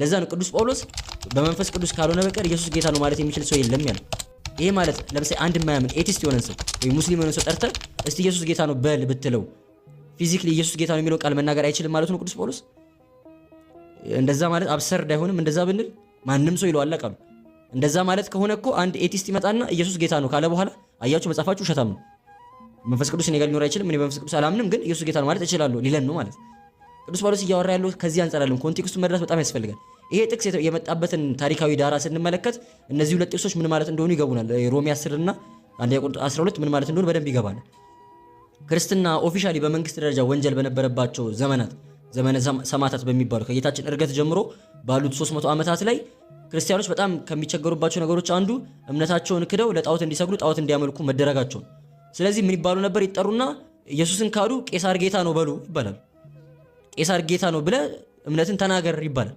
ለዛ ነው ቅዱስ ጳውሎስ በመንፈስ ቅዱስ ካልሆነ በቀር ኢየሱስ ጌታ ነው ማለት የሚችል ሰው የለም ያለው። ይሄ ማለት ለምሳሌ አንድ የማያምን ኤቲስት የሆነን ሰው ወይ ሙስሊም የሆነን ሰው ጠርተ እስቲ ኢየሱስ ጌታ ነው በል ብትለው ፊዚክሊ ኢየሱስ ጌታ ነው የሚለው ቃል መናገር አይችልም ማለት ነው ቅዱስ ጳውሎስ። እንደዛ ማለት አብሰርድ አይሆንም? እንደዛ ብንል ማንም ሰው ይለዋል ቃሉ። እንደዛ ማለት ከሆነ እኮ አንድ ኤቲስት ይመጣና ኢየሱስ ጌታ ነው ካለ በኋላ አያችሁ መጽሐፋችሁ ውሸታም ነው፣ መንፈስ ቅዱስ እኔ ጋር ሊኖር አይችልም፣ እኔ በመንፈስ ቅዱስ አላምንም፣ ግን ኢየሱስ ጌታ ነው ማለት እችላለሁ ሊለን ነው ማለት ቅዱስ ጳውሎስ እያወራ ያለው ከዚህ አንጻር አለም ኮንቴክስቱ መድረስ በጣም ያስፈልጋል። ይሄ ጥቅስ የመጣበትን ታሪካዊ ዳራ ስንመለከት እነዚህ ሁለት ጥቅሶች ምን ማለት እንደሆኑ ይገቡናል። ሮሜ 10 እና 12 ምን ማለት እንደሆኑ በደንብ ይገባል። ክርስትና ኦፊሻሊ በመንግስት ደረጃ ወንጀል በነበረባቸው ዘመናት ዘመነ ሰማዕታት በሚባሉ ከጌታችን እርገት ጀምሮ ባሉት 300 ዓመታት ላይ ክርስቲያኖች በጣም ከሚቸገሩባቸው ነገሮች አንዱ እምነታቸውን ክደው ለጣዖት እንዲሰግዱ፣ ጣዖት እንዲያመልኩ መደረጋቸው ስለዚህ ምን ይባሉ ነበር? ይጠሩና ኢየሱስን ካዱ፣ ቄሳር ጌታ ነው በሉ ይባላል። ቄሳር ጌታ ነው ብለህ እምነትን ተናገር ይባላል።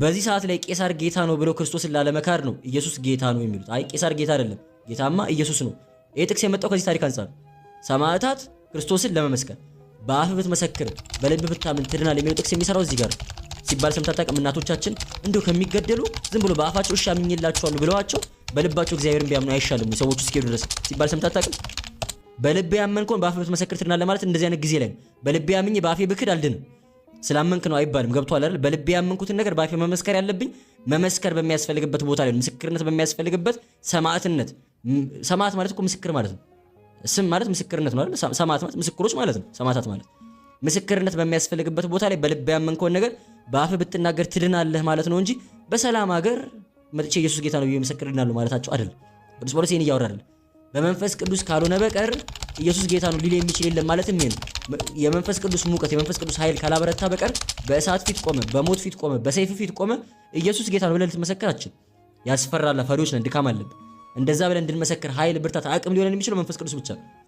በዚህ ሰዓት ላይ ቄሳር ጌታ ነው ብለው ክርስቶስን ላለመካድ ነው ኢየሱስ ጌታ ነው የሚሉት። አይ ቄሳር ጌታ አይደለም፣ ጌታማ ኢየሱስ ነው። ይህ ጥቅስ የመጣው ከዚህ ታሪክ አንጻር ሰማዕታት ክርስቶስን ለመመስከር በአፍ ብትመሰክር በልብ ብታምን ትድናል የሚለው ጥቅስ የሚሰራው እዚህ ጋር ሲባል ሰምተህ እናቶቻችን እንዲሁ ከሚገደሉ ዝም ብሎ በአፋቸው እሺ አምኜላችኋለሁ ብለዋቸው በልባቸው እግዚአብሔርን ቢያምኑ አይሻልም? ሰዎቹ እስኪሄዱ ድረስ ሲባል ሰምተህ በልቤ ያመንከውን በአፍ ብትመሰክር ትድናለህ ማለት እንደዚህ አይነት ጊዜ ላይ በልቤ ያምኜ በአፌ ብክድ አልድንም። ስላመንክ ነው አይባልም። ገብቷል አይደል? በልቤ ያመንኩትን ነገር በአፌ መመስከር ያለብኝ መመስከር በሚያስፈልግበት ቦታ ላይ ምስክርነት በሚያስፈልግበት ሰማዕትነት። ሰማዕት ማለት እኮ ምስክር ማለት ነው። ስም ማለት ምስክርነት ነው አይደል? ሰማዕት ማለት ምስክሮች ማለት ነው። ሰማዕታት ማለት ምስክርነት በሚያስፈልግበት ቦታ ላይ በልቤ ያመንከውን ነገር በአፍ ብትናገር ትድናለህ ማለት ነው እንጂ በሰላም ሀገር መጥቼ ኢየሱስ ጌታ ነው ብዬ መሰክር ድናለሁ ማለታቸው አይደል። ቅዱስ ጳውሎስ ይህን እያወራል በመንፈስ ቅዱስ ካልሆነ በቀር ኢየሱስ ጌታ ነው ሊል የሚችል የለም። ማለትም ይሄን የመንፈስ ቅዱስ ሙቀት የመንፈስ ቅዱስ ኃይል ካላበረታ በቀር በእሳት ፊት ቆመ፣ በሞት ፊት ቆመ፣ በሰይፍ ፊት ቆመ ኢየሱስ ጌታ ነው ብለን ልትመሰክር ያስፈራል። ፈሪዎች ነን፣ ድካም አለብን። እንደዛ ብለን እንድንመሰክር ኃይል፣ ብርታት፣ አቅም ሊሆን የሚችለው መንፈስ ቅዱስ ብቻ ነው።